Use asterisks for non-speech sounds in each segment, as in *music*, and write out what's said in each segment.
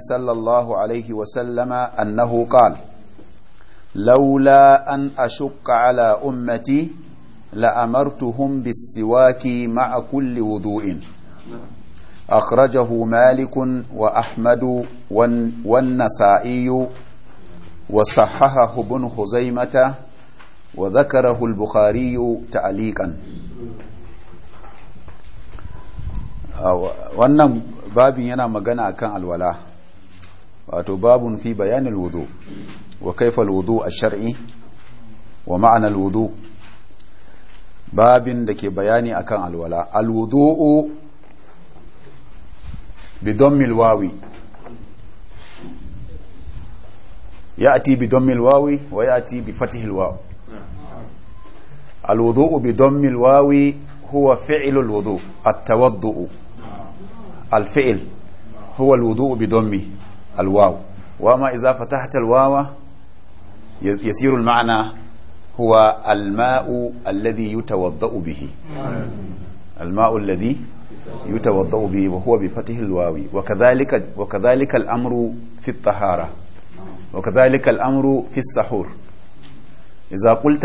صلى الله عليه وسلم أنه قال لولا أن أشق على أمتي لأمرتهم بالسواك مع كل وضوء أخرجه مالك وأحمد والنسائي وصححه ابن خزيمة وذكره البخاري تعليقا wannan babin yana magana akan alwala wato babun fi bayanin wudu wa kaifal wudu a shar'i wa ma'anar wudu babin da ke bayani akan alwala alwudu'u bidon milwawi ya'ti bidon milwawi wa ya'ti bi fatihil waw alwudu'u bidon milwawi huwa fi'ilul wudu at-tawaddu'u al-fi'l huwa alwudu'u bidon milwawi الواو وما إذا فتحت الواو يسير المعنى هو الماء الذي يتوضأ به الماء الذي يتوضأ به وهو بفتح الواو وكذلك, وكذلك الأمر في الطهارة وكذلك الأمر في السحور إذا قلت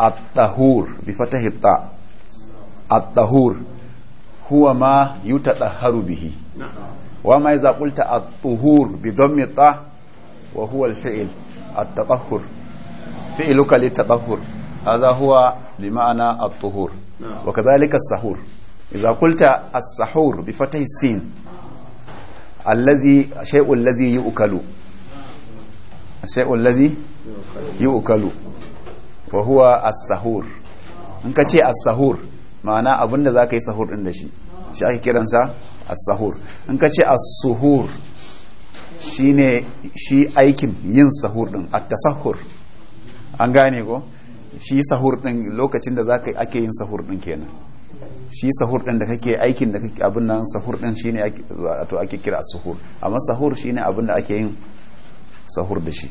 الطهور بفتح الطاء الطهور هو ما يتطهر به نعم. وما إذا قلت الطهور بضم الطاء وهو الفعل التطهر فعلك للتطهر هذا هو بمعنى الطهور وكذلك السحور إذا قلت السحور بفتح السين الذي شيء الذي يؤكل الشيء الذي يؤكل وهو السحور in ka ce as-sahur ma'ana abinda za ka yi sahur ɗin da shi shi ake kiransa as-sahur in ka ce as-suhur shine shi aikin yin sahur din at-tasahhur an gane ko shi sahur din lokacin da zaka ake yin sahur din kenan shi sahur din da kake aikin da kake abin nan sahur din shine wato ake kira as-suhur amma sahur shine abin da ake yin sahur da shi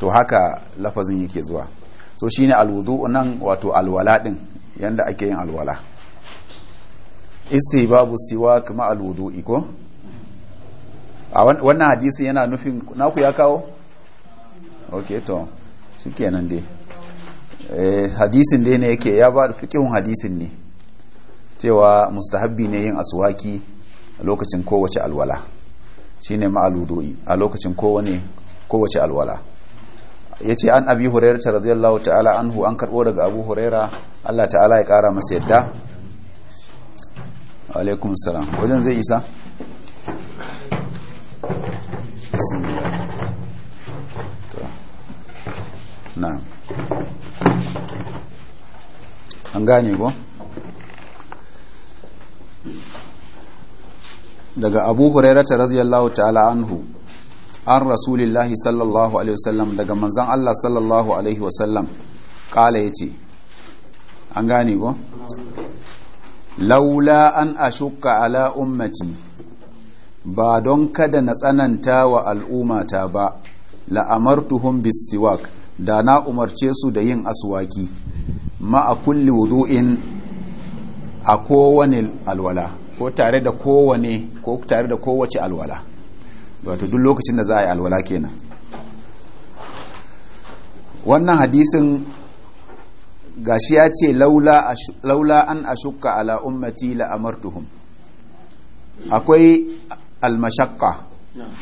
to haka lafazin yake zuwa so shine al-wudu nan wato alwala din yanda ake yin alwala istihbabu siwak ma alwudu ko a wannan hadisi yana nufin naku ya kawo ok to shikenan dai eh, hadisin dai ne yake ya ba fiqhun hadisin ne cewa mustahabbi ne yin aswaki a lokacin kowace alwala shine ma alwudu'i a lokacin kowane kowace alwala ya ce an abi hurairata radiyallahu ta'ala anhu an karɓo daga abu huraira Allah ta'ala ya kara masa yadda alaikum salam wajen zai isa na an gane ko daga abu hurairata radiyallahu ta'ala anhu an rasulillahi sallallahu alaihi wasallam daga manzan Allah sallallahu alaihi wasallam kala ce an gane ko laula an ashukka ala ummati ba don kada na tsananta wa al'ummata ba la'amartuhum bisiwak da na umarce su da yin aswaki ma'a kulli wudu'in a kowane alwala ko tare da kowane ko tare da kowace alwala wato duk lokacin da za a yi alwala kenan wannan hadisin gashi ya ce laula an ashukka ala ummati la amartuhum akwai almashakka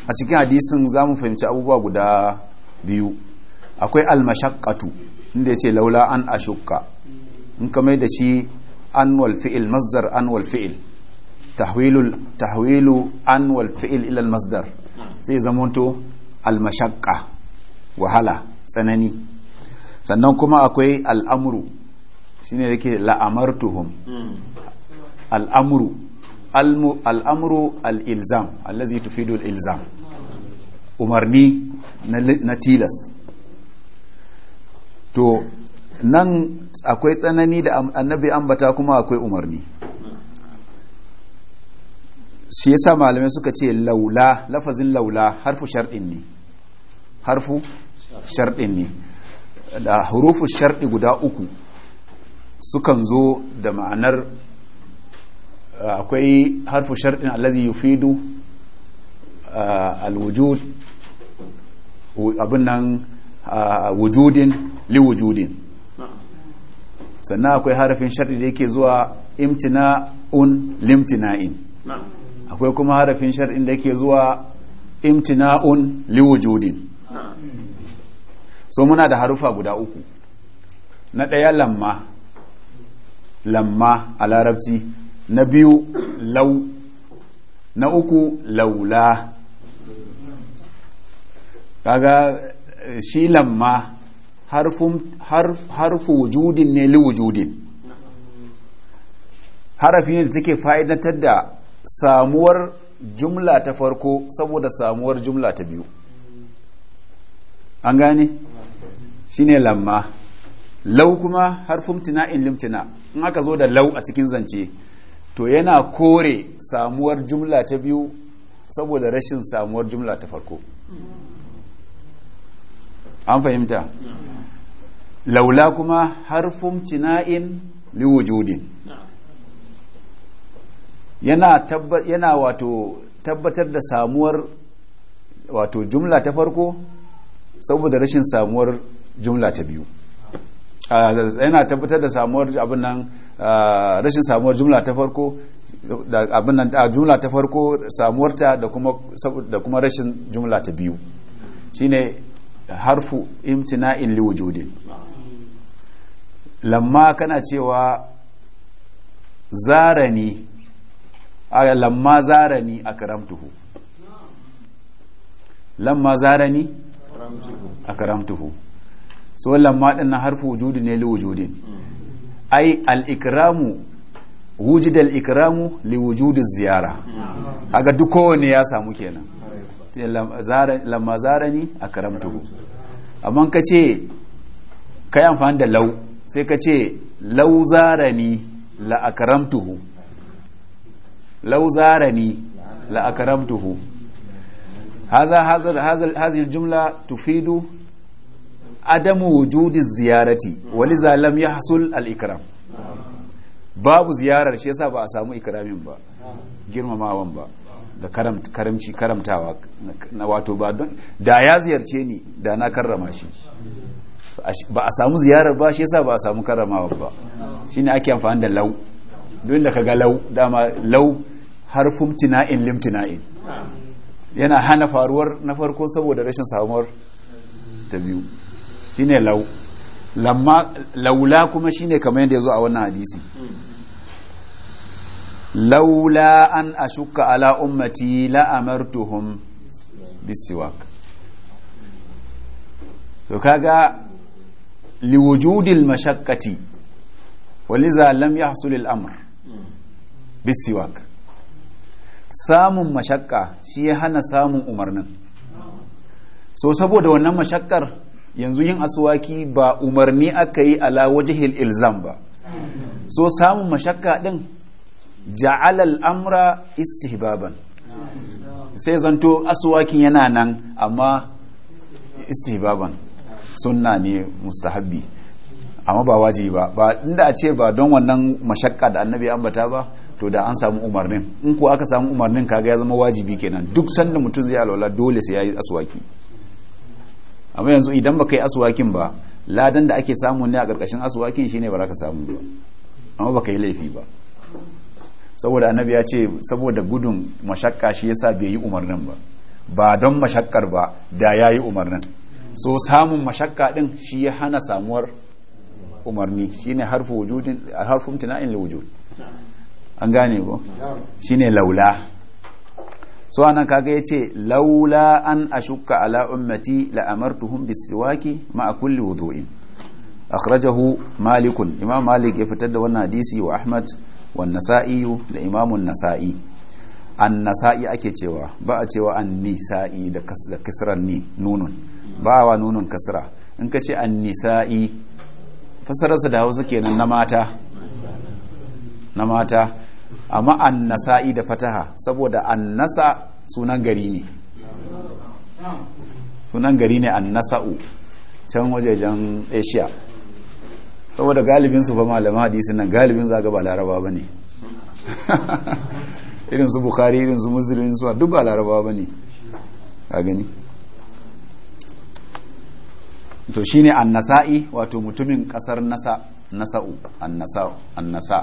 a cikin hadisin za mu fahimci abubuwa guda biyu akwai almashakkatu inda ya ce laula an ashukka in kamai da shi an walfi'il masdar an walfi'il tahwilu an walfi'il ilal masdar zai zamanto almashakka wahala tsanani sannan kuma akwai al'amuru shi ne yake la’amartuhun hmm. al'amuru al'amuru al'ilzam allazi tufidu al'ilzam umarni na tilas to nan akwai tsanani da annabi ambata kuma akwai umarni shi yasa malamai suka ce laula lafazin laula harfu shardin ne harfu shardin ne da hurufu sharɗi guda uku sukan zo da ma'anar eh, akwai harfu sharɗin allazi yufidu eh, alwujud abin nan eh, wujudin liwujudin sannan akwai harafin sharɗi da yake zuwa imtina'un limtina'in akwai kuma harafin sharɗin da yake zuwa imtina'un liwujudin so muna da harufa guda uku na ɗaya lamma lamma a larabci na biyu lau na uku laula kaga eh, shi lamma harfu wujudin ne li wujudin harafi ne da take fa'idantar da samuwar jumla ta farko saboda samuwar jumla ta biyu an gane shine lamma lau kuma harfin in limtina in aka zo da lau a cikin zance to yana kore samuwar jumla ta biyu saboda rashin samuwar jumla ta farko an fahimta laula kuma harfin tina'in liwujudin yana yana wato tabbatar da samuwar wato jumla ta farko saboda rashin samuwar jumla ta biyu ah, yana tabbatar da samuwar abin nan ah, rashin samuwar jumla ta farko da abin nan a ah, jumla ta farko samuwarta da kuma da kuma rashin jumla ta biyu shine harfu imtina'in liwujudin lamma kana cewa zarani a lamma zarani akramtuhu lamma zarani akramtuhu so lamma maɗin nan harfu wujudi ne li wujudin ai al'ikiramu wujud al’ikiramu al li wujudi ziyara kaga duk kowane ya samu kenan lamma zarani akramtuhu amma ka ce kai amfani da lau sai ka ce lau zarani la a akramtuhu lau zarani la a akramtuhu haza hazal hazal jumla tufidu adamu wujudi ziyarati waliza ya yahsul al ikram babu ziyarar shi yasa ba a samu ikramin ba girmamawan ba da karamci karamtawa na wato ba don da ya ziyarce ni da na karrama shi ba a samu ziyarar ba shi yasa ba a samu karramawa ba shi ne ake amfani da lau don da kaga lau dama lau harfin tina'in tina'in yana hana faruwar na farko saboda rashin samuwar ta biyu shine lau lamma laula kuma shine kamar yadda yazo a wannan hadisi laula an ashukka ala ummati la amartuhum bisiwak to kaga liwujudil mashakkati waliza lam yahsul al-amr bisiwak samun mashakka shi ya hana samun umarnin so saboda wannan mashakkar yanzu yin aswaki ba umarni aka yi ala wajihil ilzam ba so samun mashakka din ja'ala al'amra istihbaban sai zanto aswakin yana nan amma istihbaban sunna ne mustahabbi amma ba wajibi ba ba inda a ce ba don wannan mashakka da annabi ambata ba to da an samu umarnin in ko aka samu umarnin kaga ya zama wajibi kenan duk sanda mutum zai alwala dole sai ya yi aswaki amma yanzu idan baka yi aswakin ba ladan da ake samu ne a karkashin aswakin shine ba za ka samu ba amma baka yi laifi ba saboda annabi ya ce saboda gudun mashakka shi yasa bai yi umarnin ba ba don mashakkar ba da ya yi umarnin so samun mashakka din shi ya hana samuwar umarni shine harfu wujudin harfun tina'in wujud an gane ko shine laula so anan kaga yace laula an ashukka ala ummati la amartuhum bisiwaki ma kulli wudu'in akhrajahu malik imam malik ya fitar da wannan hadisi wa ahmad wa nasa'i da imam an-nasa'i an-nasa'i ake cewa ba a cewa an-nisa'i da kasran ni nunun ba wa nunun kasra in ka ce an-nisa'i fasararsa da Hausa kenan na mata na mata amma annasa'i da fataha saboda annasa sunan gari ne sunan gari ne annasa'u can wajejen asia saboda galibin su fa malama hadisi nan galibin zaga ba laraba ba ne *laughs* irin su bukari irin su musulun su duk ba laraba ba ne a gani to shine annasa'i wato mutumin kasar nasa nasa'u annasa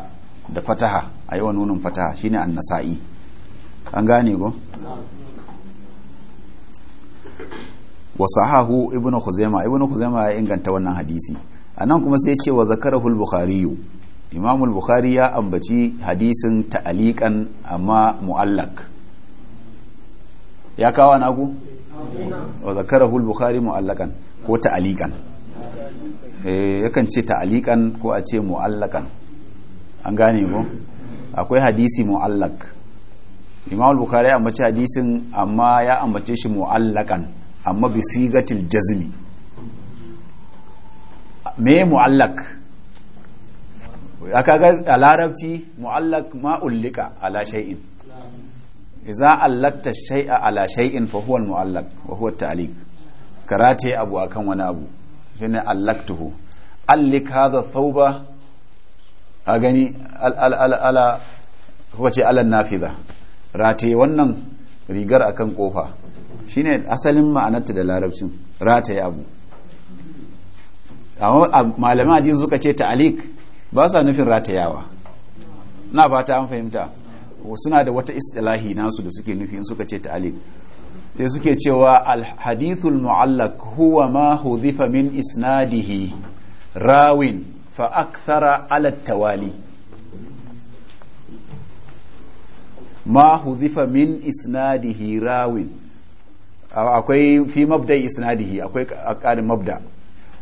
da fataha a yawan nunin fataha shine annasa'i an gane go wa sahahu ibnu khuzaima ibnu khuzaima ya inganta wannan hadisi anan kuma sai ya ce wa zakarahu al-bukhari imam al-bukhari ya ambaci hadisin ta'alikan amma mu'allak ya kawo nagu wa zakarahu al-bukhari mu'allakan ko ta'alikan eh yakan ce ta'alikan ko a ce mu'allakan an gane ko akwai hadisi mu'allak imam al-bukhari ya ambaci hadisin amma ya ambace shi mu'allakan amma bi sigatil jazmi me mu'allak aka ga a larabci mu'allak ma ullika ala shay'in idza allakta shay'a ala shay'in fa huwa al-mu'allak wa huwa at-ta'liq karate abu akan wani abu shine allaktuhu allik hadha thawba a gani ala wace alan nafiza rataye wannan rigar akan kofa shine asalin ma'anarta da larabcin rataye abu malamai a hadisi suka ce ta'alik ba sa nufin ratayawa na fata an fahimta suna da wata istilahi nasu da suke nufi suka ce ta'alik sai suke cewa alhadithul mu'allak huwa ma hudhifa min isnadihi rawin fa akthara ala tawali ma huzifa min isnadihi rawin akwai fi mabda'i isnadihi akwai ƙarin mabda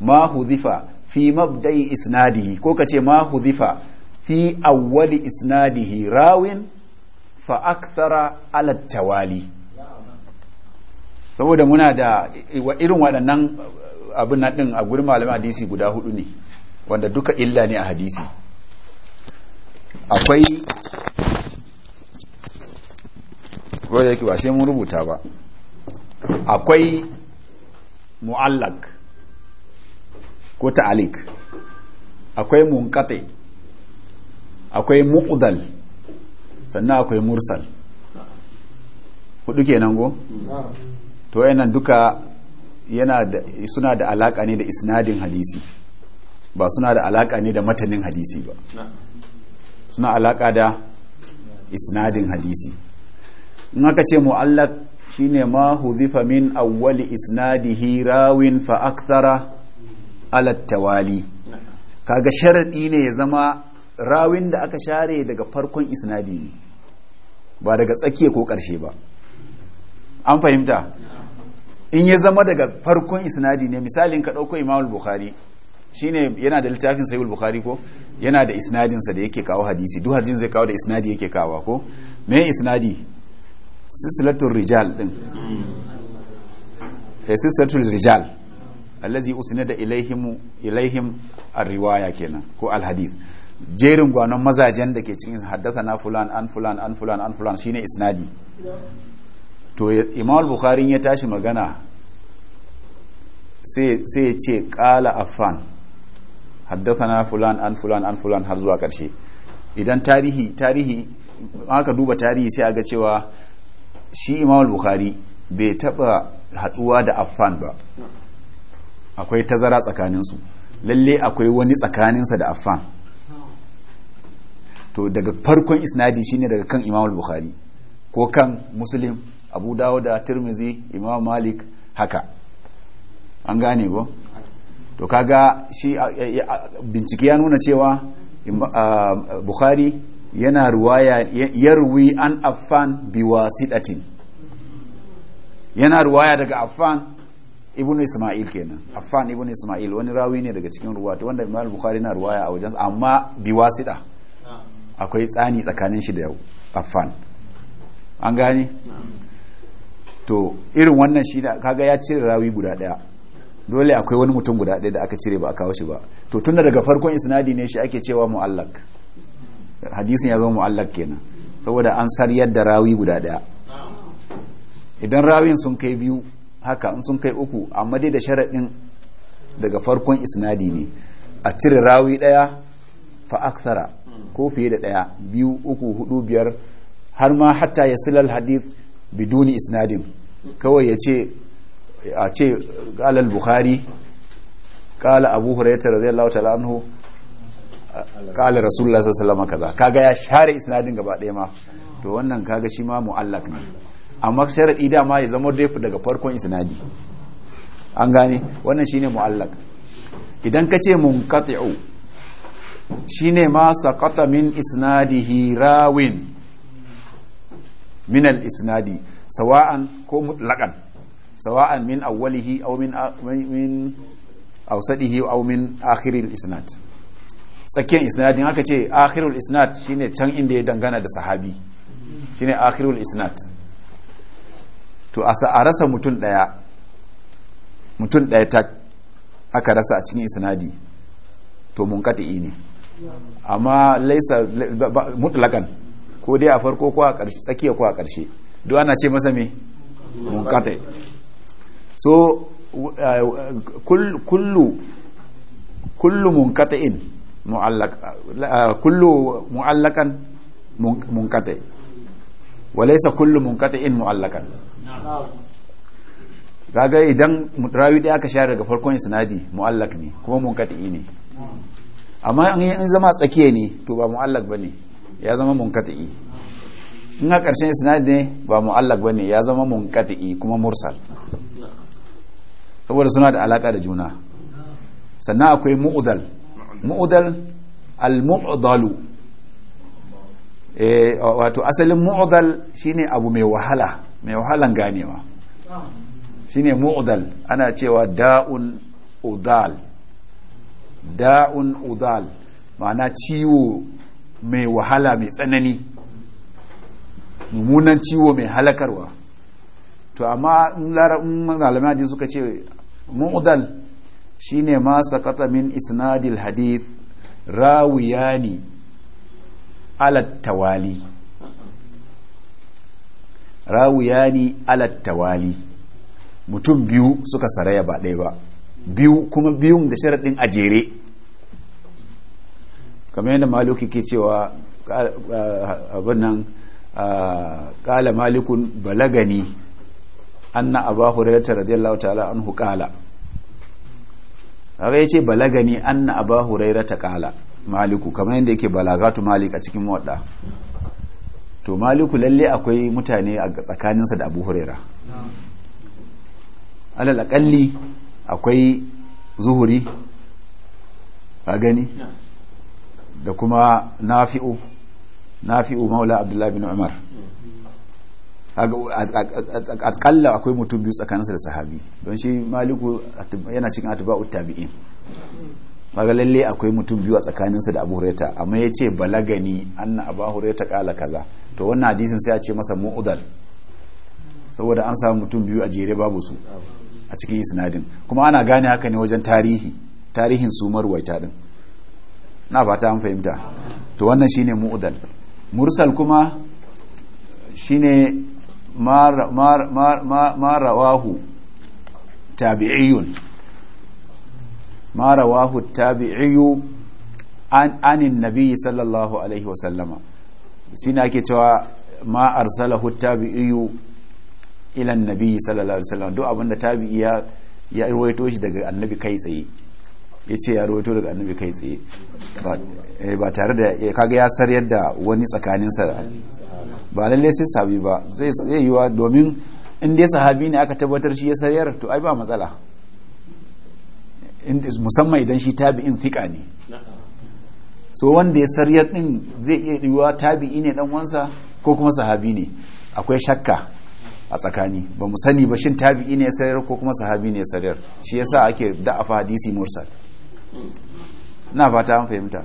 ma huzifa fi mabda'i isnadihi ko kace ma huzifa fi awwali isnadihi rawin fa akthara ala tawali saboda muna da irin waɗannan abin na ɗin a gurin malamin hadisi guda huɗu ne wanda duka illa ne a hadisi akwai wadda yake ba sai mun rubuta ba akwai mu'allak ko ta'alik akwai munkate akwai mu'udal sannan akwai mursal hudu kenan go to yanan duka yana da suna da alaka ne da isnadin hadisi ba suna da alaka ne da matanin hadisi ba suna alaka da isnadin hadisi in aka ce mu'allak shine ma hudhifa min awwali isnadihi rawin fa akthara ala tawali kaga sharadi ne ya zama rawin da aka share daga farkon isnadi ne ba daga tsakiya ko karshe ba an fahimta in ya zama daga farkon isnadi ne misalin ka dauko imamul bukhari shine yana da littafin sahihul bukhari ko yana da isnadinsa da yake kawo hadisi duk hadisi zai kawo da isnadi yake kawo ko me isnadi silsilatul rijal din fa eh, silsilatul rijal allazi usnada ilaihim ilaihim ar-riwaya kenan ko al-hadith jerin gwanon mazajen da ke cikin haddathana fulan an fulan an fulan an fulan shine isnadi to imam al-bukhari ya tashi magana sai sai ya ce qala affan haddathana fulan an fulan an fulan har zuwa karshe idan tarihi tarihi aka duba tarihi sai aga cewa shi imam bukhari bai taba hatsuwa da affan ba akwai tazara tsakaninsu lalle akwai wani tsakaninsa da affan to daga farkon isnadi shine daga kan imam bukhari ko kan muslim abu dawo da tirmizi imam malik haka an gane ba. to kaga shi bincike ya nuna cewa bukhari yana ruwaya ruwi an affan sidatin yana ruwaya daga affan ibn isma'il kenan affan ibn isma'il wani rawi ne daga cikin ruwa to wanda imam bukhari na ruwaya a wajen amma biwa sida akwai tsani tsakanin shi da affan an gani to irin wannan shi kaga ya cire rawi guda daya dole akwai wani mutum guda ɗaya da aka cire ba a kawo shi ba to tun daga farkon isnadi ne shi ake cewa mu'allak hadisin ya zama mu'allak kenan saboda an sariyar da rawi guda ɗaya idan rawin sun kai biyu haka in sun kai uku amma dai da sharaɗin daga farkon isnadi ne a cire rawi ɗaya fa aksara ko fiye da ɗaya biyu uku hudu biyar har ma hatta ya silal hadith biduni isnadin kawai ya ce a ce ƙalal bukhari kala abu huraita radiyallahu ta'ala anhu kala rasulullah sallallahu kaza kaga ya share isnadin gaba ɗaya ma to wannan kaga shi ma mu'allak ne amma sharadi dama ya zama daifu daga farkon isnadi an gane wannan shine mu'allak idan ka ce munqati'u shine ma saqata min isnadihi rawin min al-isnadi sawa'an ko mutlaqan sawa'an min awwalihi aw min min awsadihi aw min akhiril isnad tsakiyar isnadin aka ce akhirul isnad shine can inda ya dangana da sahabi shine akhirul isnad to a rasa mutum daya mutum daya ta aka rasa a cikin isnadi to mun munkati ne amma laisa mutlakan ko dai a farko ko a ƙarshe tsakiya ko a ƙarshe duk ana ce masa me mun kata. so uh, kullu munkata'in kullu mu'allakan uh, munkata'i wa laysa kullu munkata'in mu'allakan gaga idan rawi da aka share daga farkon isnadi mu'allak ne kuma munkata'i ne amma in zama tsakiya ne to ba ba bane ya zama munkata'i in a ƙarshen isnadi ne ba ba bane ya zama munkata'i kuma mursal saboda suna da alaka da juna sannan akwai mu'udal mu'udal al-mu'dalu eh, wato asalin mu'udal shine abu mai wahala mai wahalan ganewa shine mu'udal ana cewa da'un udal da'un udal ma'ana ciwo mai wahala mai tsanani mummunan ciwo mai halakarwa to amma in malamai hadisi suka ce mu'dal shine ma sakata min isnadil hadith rawiyani ala tawali rawiyani ala mutum biyu suka saraya ba ɗaya ba biyu kuma biyun da sharaɗin a jere kamar yadda maluki ke cewa abin nan ƙala malikun balagani anna abu hurairata radiyallahu ta'ala anhu qala haka yace balagani anna abu ta kala maliku kamar yadda yake balagatu malik a cikin wadda to maliku lalle akwai mutane a tsakaninsa da abu huraira alal akalli akwai zuhuri a gani da kuma nafi'u nafi'u maula abdullahi bin umar a akalla akwai mutum biyu tsakaninsa da sahabi don shi maliku yana cikin atuba tabi'in maga lalle akwai mutum biyu a tsakaninsa da abu hureta amma ya ce balagani an abu hureta kala kaza to wannan hadisin sai a ce masa mu'udal saboda an samu mutum biyu a jere babu su a cikin isnadin kuma ana gane haka ne wajen tarihi tarihin su marwaita din na fata an fahimta to wannan shine mu'udal mursal kuma shine ma rawahu tabi'iyun ma rawahu tabi'iyu anin nabiyyi sallallahu alaihi wasallama shi ne ake cewa ma arsalahu tabi'iyu ilan nabiyyi sallallahu alaihi wasallam duk abinda tabi'i ya ya ruwaito shi daga annabi kai tsaye ya ce ya ruwaito daga annabi kai tsaye ba eh, tare da eh, kaga ya sar yadda wani tsakaninsa ba lalle sai sabi ba zai yiwa domin in dai sahabi ne aka tabbatar shi ya sayar to ai ba matsala musamman idan shi tabi'in fiƙa ne so wanda ya sariyar din zai iya yiwa tabi'i ne dan wansa ko kuma sahabi ne akwai shakka a tsakani ba mu sani ba shin tabi'i ne ya sariyar ko kuma sahabi ne ya sariyar shi yasa ake da'afa hadisi mursal na fata an fahimta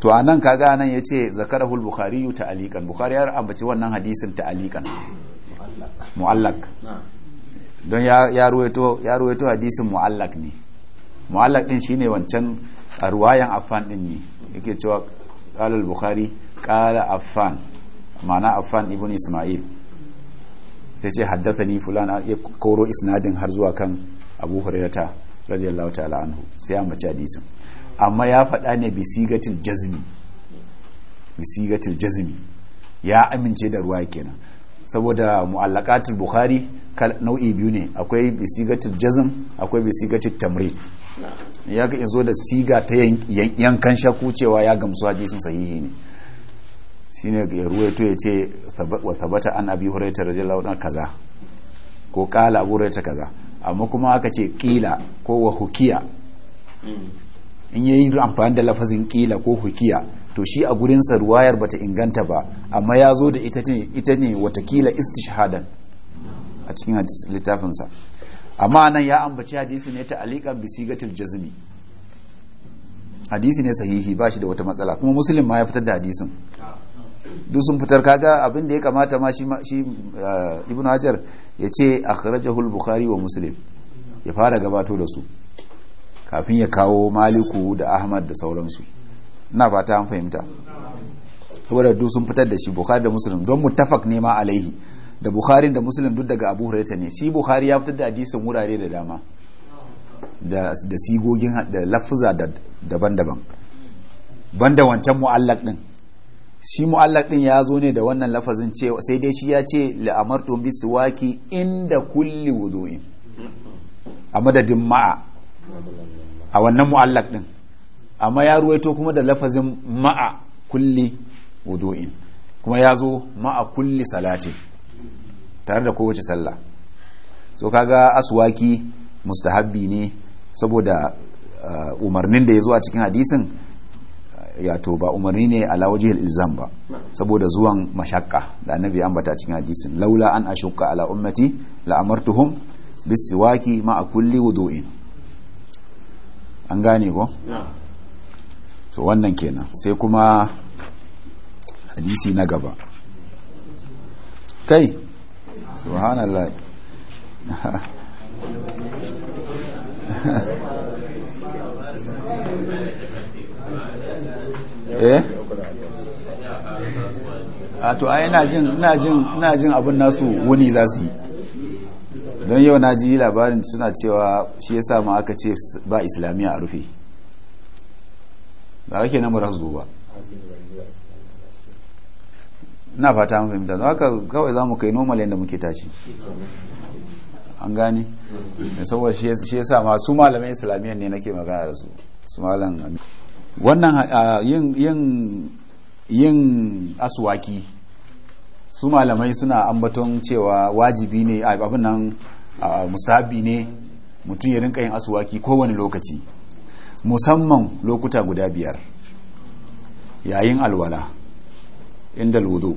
to a anan kaga nan ya yace zakarahul bukhari ta'alikan bukhari ya ambaci wannan hadisin ta'alikan muallak don ya ruwaito ya ruwaito hadisin muallak ne muallak din shine wancan ruwayan affan ɗin ne yake cewa qala al-bukhari qala affan ma'ana affan ibn isma'il sai ce haddathani fulan ya koro isnadin har zuwa kan abu hurairata radiyallahu ta'ala anhu sai ya mace hadisin amma ya faɗa ne bisigatil jazmi jazmi ya amince da ruwa kenan saboda mu'allakatul bukhari nau'i biyu ne akwai bisigatil jazm akwai bisigatil tamrid ya ga zo da siga ta yankan shaku cewa ya gamsu hadisin sahihi ne shine ya ruwaito ya ce wa sabata an abi hurayta radiyallahu anhu kaza ko qala abu hurayta kaza amma kuma aka ce qila ko wa hukiya mm. in yayi amfani da lafazin kila ko hukiya to shi a gurinsa ruwayar bata inganta ba amma ya zo da ita ne ita ne watakila istishhadan a cikin littafinsa amma nan ya ambaci hadisi ne ta aliqan bi sigatil jazmi hadisi ne sahihi ba shi da wata matsala kuma muslim ma ya fitar da hadisin duk sun fitar kaga abin da ya kamata ma shi eh, ibnu hajar ya ce akhrajahu al-bukhari wa muslim ya fara gabato da su kafin ya kawo maliku da ahmad da sauransu na fata an fahimta saboda duk sun fitar da shi bukhari da muslim don mu ne ma alaihi da bukhari da muslim duk daga abu hurairah ne shi bukhari ya fitar da hadisin wurare da dama da sigogin da lafuza daban-daban banda wancan mu'allaq din shi mu'allaq din ya zo ne da wannan lafazin cewa sai dai shi ya ce la'amartum bi siwaki inda kulli wudu'in a madadin ma'a a wannan mu'allak din amma ya ruwaito kuma da lafazin ma'a kulli wudu'in kuma ya zo ma'a kulli salati tare da kowace sallah so kaga aswaki mustahabbi ne saboda uh, umarnin da ya zo a cikin hadisin yato ba umarni ne ala waje ilzam ba saboda zuwan mashakka da annabi ambata cikin hadisin laula an ashukka ala ummati la amartuhum bis siwaki ma'a kulli wudu'in an gane ko so wannan kenan sai kuma hadisi na gaba kai subhanallah *laughs* eh a to ai ina jin ina jin ina jin abin nasu wuni za su yi don yau na ji labarin suna cewa shi ya samu aka ce ba islamiyya a rufe ba ake nan zuwa ba na fata mafi fahimta don ka kawai za mu kai normal yadda muke tashi an gane saboda shi ya sa masu malamin islamiyya ne nake magana da su su malam wannan yin yin aswaki su malamai suna ambaton cewa wajibi ne abin nan mustahabi ne mutum ya rinka yin asuwaki kowane lokaci musamman lokuta guda biyar yayin alwala inda ludo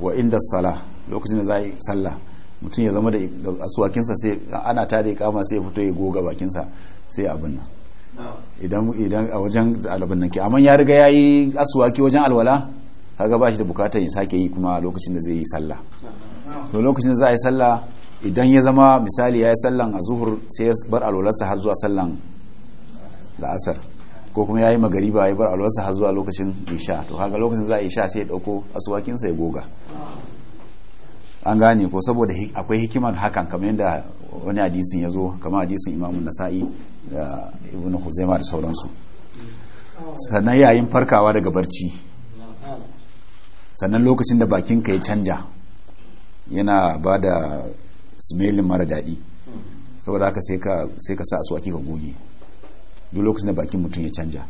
wa inda sala lokacin da za a yi sallah mutum ya zama da asuwakinsa sai ana ta da kama sai ya fito ya goga bakinsa sai abin nan idan a wajen alabin nan ke amma ya riga ya yi asuwaki wajen alwala kaga ba shi da bukatar ya sake yi kuma lokacin da zai yi sallah so lokacin da za a yi sallah idan ya zama misali ya yi sallan a zuhur sai ya bar alwalarsa har zuwa sallan la'asar ko kuma ya yi magariba ya bar alwalarsa har zuwa lokacin isha to haka lokacin za a isha sai ya dauko asuwakinsa ya goga an gane ko saboda akwai hikimar hakan kamar yadda wani hadisin ya zo kamar hadisin imamun nasa'i da ibn huzaima da sauransu sannan yayin farkawa daga barci sannan lokacin da bakinka ya canja yana ba da smelling mara daɗi saboda haka sai ka sa a suwaki ka goge duk lokacin da bakin mutum ya canja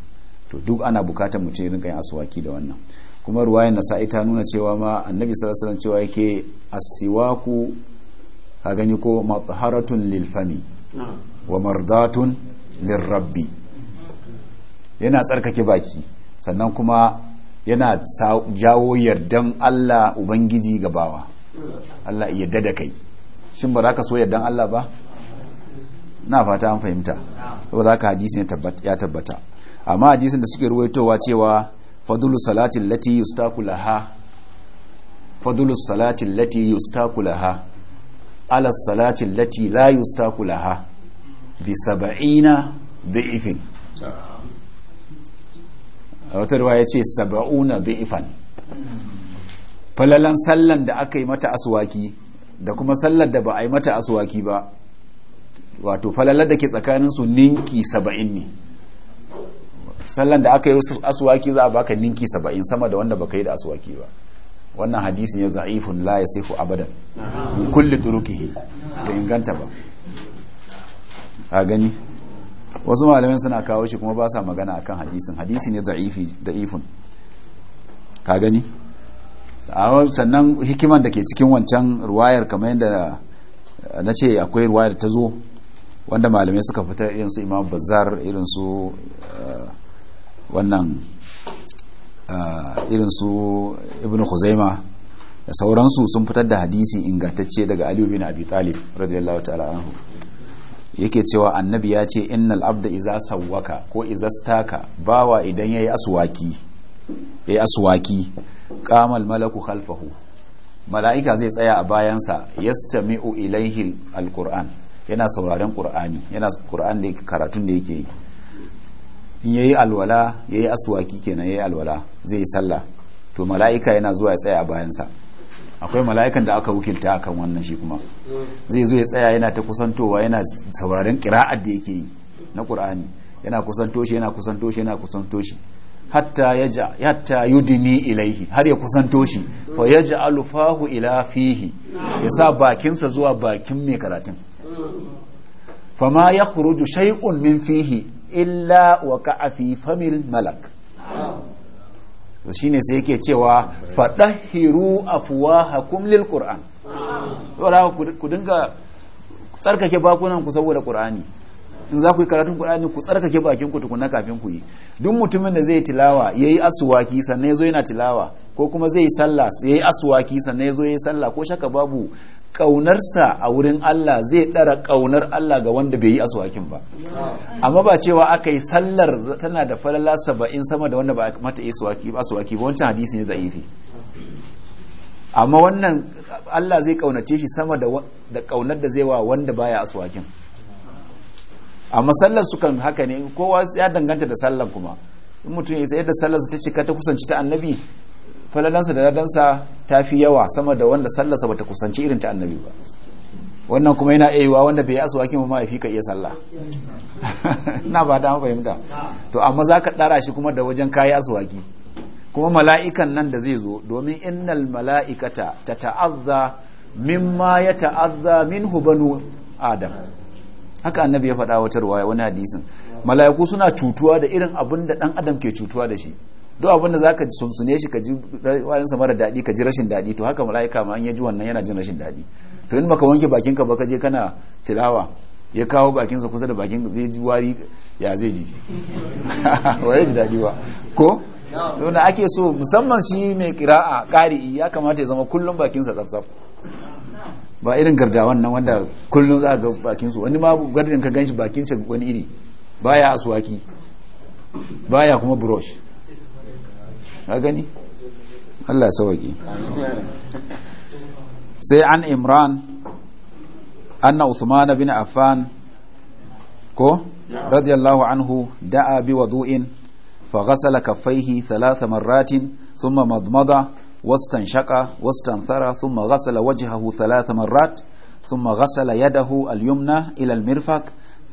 to duk ana bukatar mutum ya rinka yin aswaki da wannan kuma ruwayan nasa'i ta nuna cewa ma annabi sallallahu cewa yake asiwaku ka gani ko matharatun lilfami wa mardatun lirrabbi yana tsarkake baki sannan kuma yana jawo yardan Allah ubangiji gabawa Allah yarda dada kai shin ba za ka so yardan Allah ba na fata an fahimta za ka hadisi ne ya tabbata amma hadisin da suke ruwaitowa cewa fadulu salatin lati yustakula ha fadulu salatin lati yustakula ha ala salatin lati la yustakula ha bi saba'ina ifin a wata ruwa ya ce saba'una ifan. falalan sallan da aka yi mata aswaki da kuma sallar da ba a yi mata asuwaki ba wato falalar da ke tsakanin su ninki saba'in ne sallar da aka yi asuwaki za a baka ninki saba'in sama da wanda baka yi da asuwaki ba wannan hadisi ne za'ifun la ya sifu abadan kulli turukihi da inganta ba a gani wasu malamin suna kawo shi kuma ba sa magana akan hadisin hadisi ne za'ifi da ifun ka gani sannan hikiman da ke cikin wancan ruwayar kamar yadda eh, na ce akwai ruwayar ta zo wanda malamai suka fita irinsu imam bazar irinsu eh, wannan eh, irinsu ibn huzaima da sauransu sun fitar da hadisi ingantacce daga aliyu bin abi talib radiyallahu ta'ala anhu yake cewa annabi ya ce innal abda iza sawwaka ko izastaka bawa idan yayi aswaki ya aswaki kamal malaku khalfahu mala'ika zai tsaya a bayansa yastami'u ilaihi alquran yana sauraron qur'ani yana qur'an da karatun da yake yi in yayi alwala yayi aswaki kenan yayi alwala zai sallah to mala'ika yana zuwa ya tsaya a bayansa akwai mala'ikan da aka wukilta akan wannan shi kuma zai zo ya tsaya yana ta kusantowa yana sauraron qira'ar da yake yi na qur'ani yana kusantoshi yana kusantoshi yana kusanto hatta yaja hatta yudini ilaihi har ya kusanto shi fa yaja alufahu ila fihi yasa bakinsa zuwa bakin mai karatun Fa fama yakhruju shay'un min fihi illa wa fi famil malak to shine sai yake cewa faɗahiru afwahakum lil qur'an ku dinga tsarkake bakunan ku saboda qur'ani in za ku yi karatun Qur'ani ku tsarkake bakin ku tukuna kafin ku yi duk mutumin da zai tilawa yayi aswaki sannan yazo yana tilawa ko kuma zai yi sallah yayi aswaki sannan yazo yayi sallah ko shaka babu kaunarsa a wurin Allah zai dara kaunar Allah ga wanda bai yi aswakin ba amma ba cewa aka yi sallar tana da falala saba'in sama da wanda ba mata yi aswaki ba wancan hadisi ne za'ifi amma wannan Allah zai kaunace shi sama da kaunar da zai wa wanda baya aswakin a masallar sukan haka ne kowa ya danganta da sallar kuma sun mutum ya tsaye da sallarsa ta cika ta kusanci ta annabi falalansa da dadansa ta fi yawa sama da wanda sallarsa bata kusanci irin ta annabi ba wannan kuma yana aiwa wanda bai asu wakin ma yafi ka iya sallah *laughs* na ba da fahimta to amma ka dara shi kuma da wajen kayi waki kuma mala'ikan nan da zai zo domin innal mala'ikata tata'azza mimma yata'azza minhu banu adam haka annabi ya faɗa wata ruwaya wani hadisin mala'iku suna cutuwa da irin abin da dan adam ke cutuwa da shi duk abin da zaka sunsune shi ka ji sa mara daɗi ka ji rashin daɗi to haka mala'ika ma an ya ji wannan yana jin rashin daɗi to in baka wanke bakin ka ba ka je kana tilawa ya kawo bakinsa kusa da bakin zai ji wari ya zai ji wai *laughs* ji daɗi ba ko da ake so musamman shi mai kira'a ƙari'i ya kamata ya zama kullum bakinsa tsaf ba irin garda wannan wanda kullum za ga bakin su wani ma gardin ka ganshi bakin sa wani iri baya aswaki baya kuma brush ka gani Allah ya sauke sai an imran anna uthman bin affan ko radiyallahu anhu da'a bi wudu'in فغسل كفيه ثلاث marratin ثم مضمض واستنشق واستنثر ثم غسل وجهه ثلاث مرات ثم غسل يده اليمنى إلى المرفق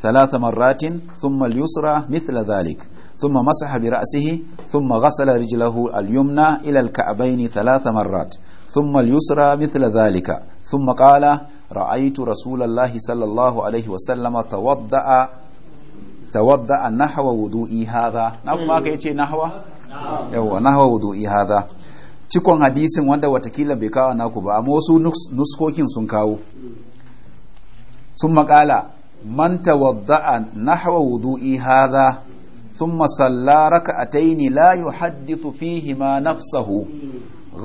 ثلاث مرات ثم اليسرى مثل ذلك ثم مسح برأسه ثم غسل رجله اليمنى إلى الكعبين ثلاث مرات ثم اليسرى مثل ذلك ثم قال رأيت رسول الله صلى الله عليه وسلم توضأ توضأ نحو وضوئي هذا نعم، ما نحو نعم. نحو وضوئي هذا cikon hadisin wanda watakila bai kawo naku ba amma wasu nuskokin sun kawo sun makala man tawadda'a nahwa wudu'i hadha thumma salla raka'ataini la yuhaddithu fihi ma nafsahu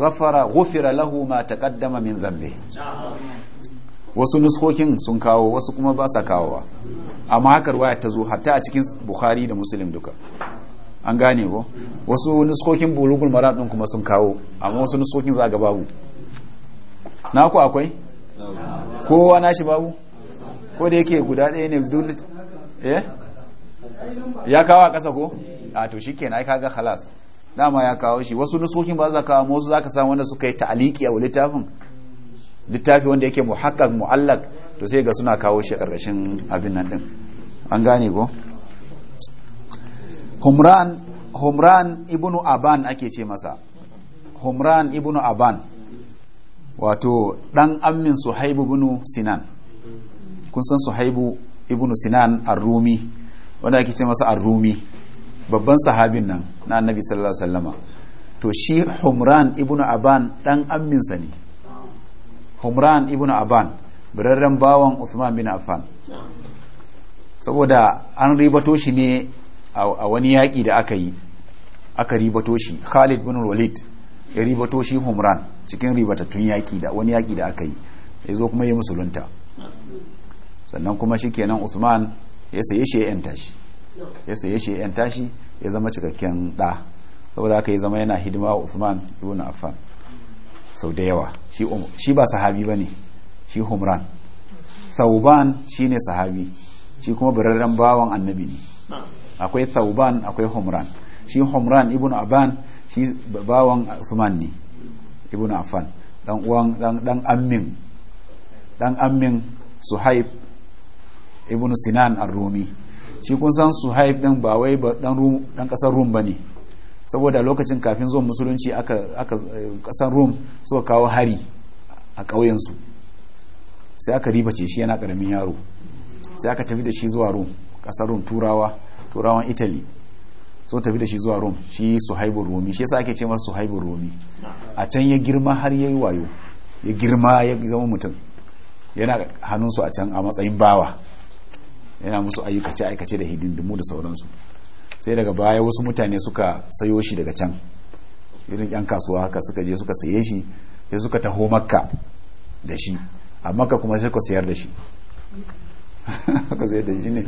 ghafara ghufira lahu ma taqaddama min dhanbi wasu nuskokin sun kawo wasu kuma ba sa kawowa amma haka ta zo hatta a cikin bukhari da muslim duka an gane ko wasu nuskokin bulugul maram din kuma sun kawo amma wasu nuskokin za ga babu na ku akwai kowa na shi babu ko da yake guda ɗaya ne dole eh ya kawo a ƙasa ko a to shikenan ai kaga khalas dama ya kawo shi wasu nuskokin ba za kawo wasu zaka samu wanda suka yi ta'aliki a littafin littafi wanda yake muhakkak mu'allak to sai ga suna kawo shi a ƙarƙashin abin nan din an gane ko humran humran ibnu aban ake ce masa humran ibnu aban wato dan ammin suhaibu ibnu sinan kun san suhaibu ibnu sinan ar-rumi wanda ake ce masa ar-rumi babban sahabin nan na annabi sallallahu alaihi wasallama to shi humran ibnu aban dan sa ne humran ibnu aban birarren bawan usman bin affan saboda an ribato shi ne a wani yaƙi da aka yi aka ribato shi khalid bin walid ya ribato shi humran cikin ribatattun yaƙi da wani yaƙi da aka yi ya zo kuma ya musulunta sannan kuma shi kenan usman ya saye shi ya yanta ya saye shi ya yanta ya zama cikakken ɗa saboda aka yi zama yana hidima wa usman ibn affan sau da yawa um, shi ba sahabi ba ne shi humran sauban shi ne sahabi shi kuma bararren bawan annabi ne akwai sauban akwai humran shi humran ibn aban shi bawan usman ne ibn afan dan uwan dan dan ammin dan ammin suhaib ibn sinan ar-rumi shi kun san suhaib din ba wai dan rum dan kasar rum bane saboda lokacin kafin zuwan musulunci aka aka eh, kasar rum suka kawo hari a ƙauyen su sai aka ribace shi yana karamin yaro sai aka tafi da shi zuwa rum kasar rum turawa turawan italy so tafi da shi zuwa rome shi suhaibun romi shi yasa ake ce masa suhaibun romi a can ya girma har ya yi wayo ya girma ya zama mutum yana hannunsu a can a matsayin bawa yana musu ayyukace aikace da hidindimu da sauransu sai daga baya wasu mutane suka sayo shi daga can irin yan kasuwa haka suka je suka saye shi sai suka taho makka da shi a makka kuma sai ka sayar da shi *laughs* haka zai da ne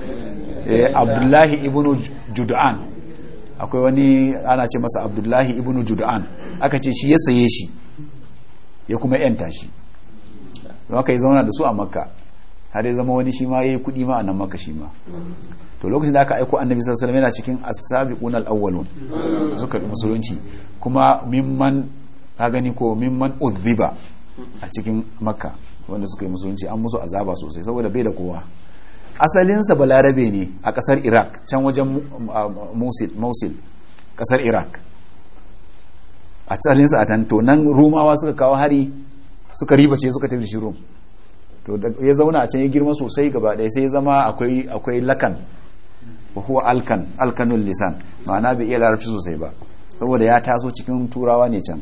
eh, abdullahi ibnu jud'an akwai wani ana ce masa abdullahi ibnu jud'an aka ce shi ya saye shi ya kuma yanta shi don haka ya zauna da su a makka har ya zama wani shi ma ya yi kuɗi ma a nan maka shi ma to lokacin da aka aiko annabi sallallahu yana cikin as unal al-awwalun suka yi musulunci kuma mimman ka gani ko mimman udhiba a cikin makka wanda suka yi musulunci an musu azaba sosai saboda bai da kowa asalinsa balarabe ne a kasar iraq can wajen um, um, mosul kasar iraq a tsarinsa a tanto nan rumawa suka kawo hari suka ribace suka tafi shi to ya zauna a can ya girma sosai gaba ɗaya sai ya zama akwai akwai lakan wa huwa alkan alkanul lisan ma'ana bai iya larabci sosai ba saboda ya taso cikin turawa ne can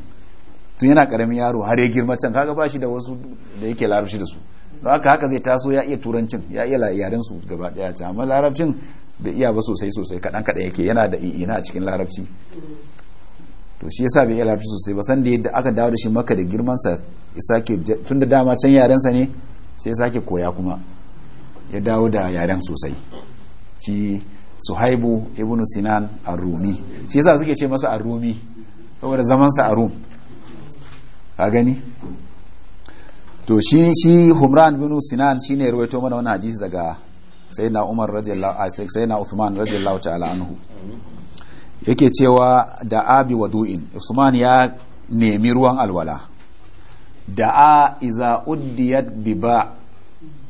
tun yana ƙaramin yaro har ya girma can kaga ba shi da wasu da yake larabci da su za haka haka zai taso ya iya turancin ya iya yaren su gaba daya ta amma larabcin bai iya ba sosai sosai kadan kadan yake yana da ina a cikin larabci to shi yasa bai iya larabci sosai ba san da yadda aka dawo da shi maka da girman sa ya sake tun da dama can yaren sa ne sai sake koya kuma ya dawo da yaren sosai shi suhaibu ibn sinan ar-rumi shi yasa suke ce masa ar-rumi saboda zaman sa a rum ka gani to shi shi humran bin sinan shi ne ruwaito mana wani hadisi daga na umar radiyallahu anhu na usman radiyallahu ta'ala anhu yake cewa da abi wadu'in usman ya nemi ruwan alwala da'a iza uddiyat bi ba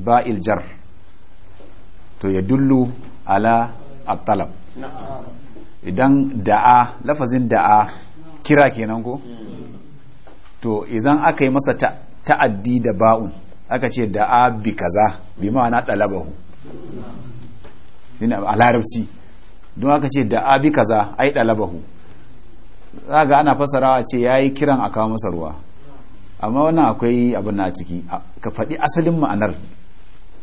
ba jar to ya dullu ala abtalab idan da'a lafazin da'a kira kenan ko to idan aka yi masa ta ta'addi da ba'un aka ce da abi kaza bi ma'ana dalabahu ina a larabci don aka ce da abi kaza ai dalabahu zaga ana fasarawa ce yayi kiran a kawo masa ruwa amma wannan akwai abin na ciki ka faɗi asalin ma'anar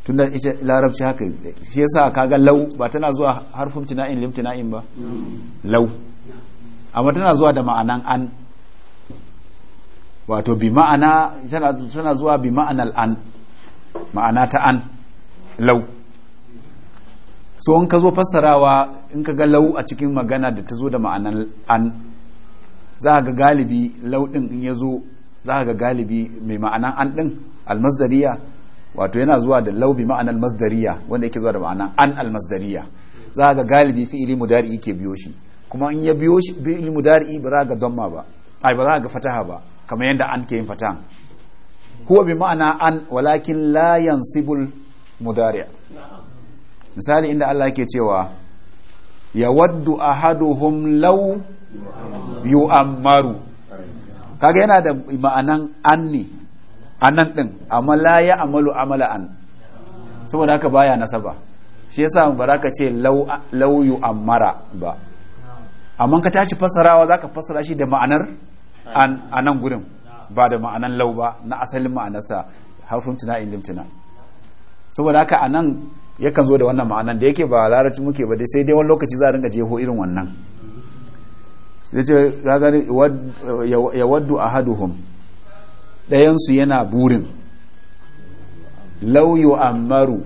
tunda ita larabci haka shi yasa kaga lau ba tana zuwa harfin tina'in limtina'in ba mm. lau amma tana zuwa da ma'anan an wato bi ma'ana tana zuwa bi ma'anar an ma'ana ta an lau so in ka zo fassarawa in ka ga lau a cikin magana da ta zo da ma'anar an za ga galibi lau ɗin in ya zo za ga galibi mai ma'anan an ɗin almasdariya wato yana zuwa da lau bi ma'anar masdariya wanda yake zuwa da ma'ana an almasdariya za ga galibi fi'ili mudari ke biyo shi kuma in ya biyo shi fi'ili mudari ba za ga damma ba ai ba za ga fataha ba kamar yadda an ke yin fatan huwa bi ma'ana an walakin la yansibul mudari misali inda Allah ke cewa ya yawaddu ahaduhum law yu'ammaru kaga yana da ma'anan an ne anan din amma la ya amalu amala an saboda haka baya nasaba shi yasa baraka ce law law yu'ammara ba amma ka tashi fasarawa zaka fasara shi da ma'anar a nan gurin ba da ma'anan lau ba na asalin ma'anarsa harfin tuna in limtina saboda haka a nan yakan zo da wannan ma'anan da yake ba larabci muke ba dai sai dai wani lokaci za a ringa jeho irin wannan sai ce gagari ya waddu a ahaduhum ɗayansu yana burin lauyo ammaru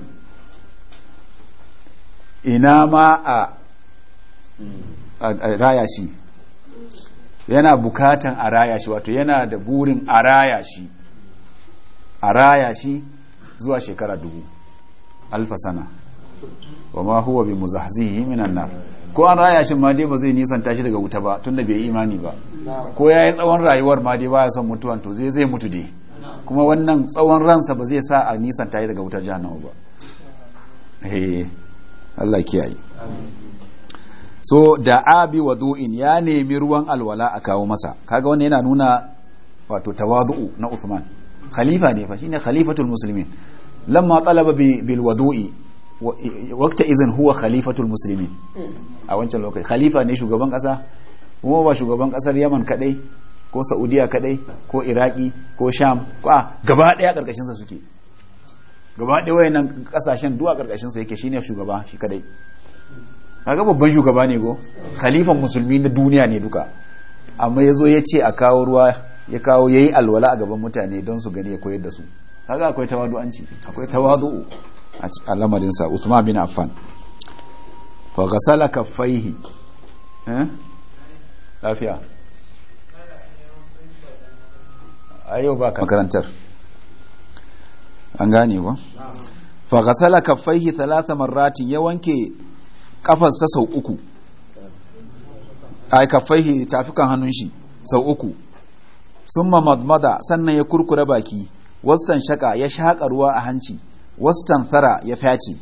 ina ma a raya shi yana bukatan a raya shi wato yana da burin a raya shi a raya shi zuwa shekara dubu alfa sana wa ma huwa bi muzahzihi minan nar ko an raya shi ma dai ba zai nisan shi daga wuta ba tunda bai imani ba ko yayi tsawon rayuwar ma dai baya son mutuwan to zai zai mutu dai kuma wannan tsawon ransa ba zai sa a nisan shi daga wutar jahannama ba eh Allah kiyaye amin so da abi wadu'in ya nemi ruwan alwala a kawo masa kaga wannan yana nuna wato tawadu'u na Uthman khalifa ne fa shine khalifatul muslimin lamma talaba bil wadu'i waqta izin huwa khalifatul muslimin mm. a wancan lokaci khalifa ne shugaban kasa kuma ba shugaban kasar Yaman kadai ko Saudiya kadai ko Iraki ko Sham ko a gaba daya karkashin sa suke gaba daya wayannan kasashen duwa karkashin sa yake shine shugaba shi kadai kaga babban shugaba ne go khalifan musulmi na duniya ne duka amma ya zo ya ce a kawo ruwa ya kawo ya yi alwala a gaban mutane don su gani ya koyar da su kaga akwai tawadu'anci akwai tawadu a lamarinsa usman bin affan fa gasala kaffaihi eh lafiya ayo ba makarantar an gane ba fa gasala kaffaihi talata marratin ya wanke kafarsa sau uku ai kafaihi tafikan hannun shi sau uku summa madmada sannan ya kurkura baki wastan shaka ya shaƙa ruwa a hanci wastan thara ya fyace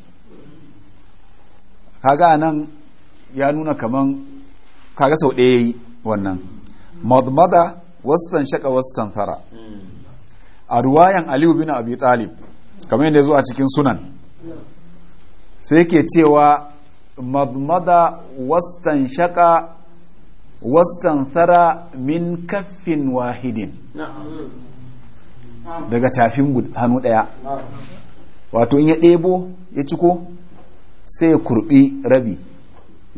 kaga nan ya nuna kaman kaga sau ɗaya yi wannan madmada wastan shaka wastan thara a ruwayan aliyu bin abi talib kamar yadda ya zo a cikin sunan sai ke cewa madmada wastan shaka wastan thara min kafin wahidin daga tafin hannu ɗaya wato in ya ɗebo ya ciko sai ya kurbi rabi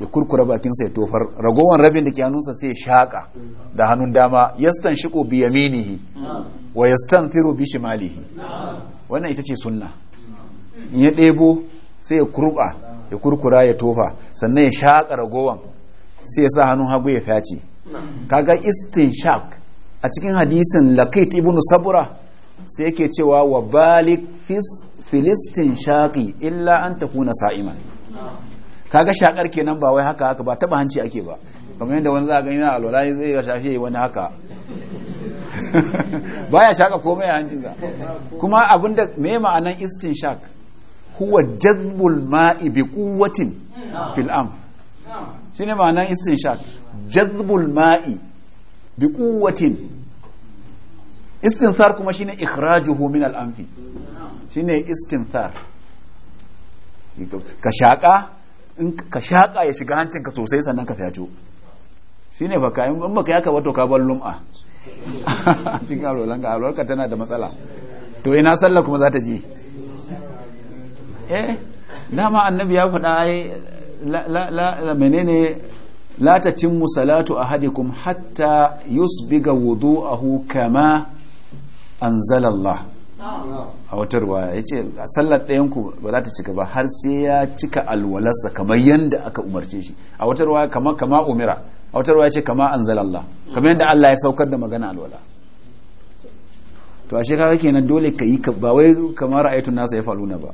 ya kurkura bakinsa ya tofar ragowar rabin da ke hannunsa sai ya shaƙa da hannun dama yastan shiko bi yaminihi wa yastan thiro bi shimalihi wannan ita ce sunna in ya ɗebo sai ya kurɓa. ya kurkura ya tofa sannan ya shaƙa ragowan sai ya sa hannun hagu ya fyace kaga istin shak a cikin hadisin laqit ibn sabura sai yake cewa wa balik filistin shaƙi illa an takuna sa'iman kaga shakar kenan ba wai haka haka ba taba hanci ake ba kamar yadda wani za gani na alwala zai ga shafe wani haka *laughs* baya shaka komai a hancinsa kuma abinda me ma'anan shak. huwa jazbul ma'i bi quwwatin fil am shine ma'anar istinshaq jazbul ma'i bi quwwatin istinthar kuma shine ikhrajuhu min al anfi shine istinthar ka shaka in ka shaka ya shiga hancinka sosai sannan ka fyato Shi ne kai in baka yaka wato ka bar lum'a *laughs* cikin alwalanka alwalanka tana da matsala to ina sallar kuma za ta je eh dama annabi ya faɗa ai la la menene la tatimmu salatu ahadikum hatta yusbiga wudu'ahu kama anzala Allah a wata ruwaya yace sallar ɗayan ku ba za ta cika ba har sai ya cika alwalarsa kamar yanda aka umarce shi a wata ruwaya kama kama umira a wata ruwaya ce kama anzala Allah kamar yanda Allah ya saukar da magana alwala to ashe kaga kenan dole ka yi ba wai kamar ra'ayatun nasa ya na ba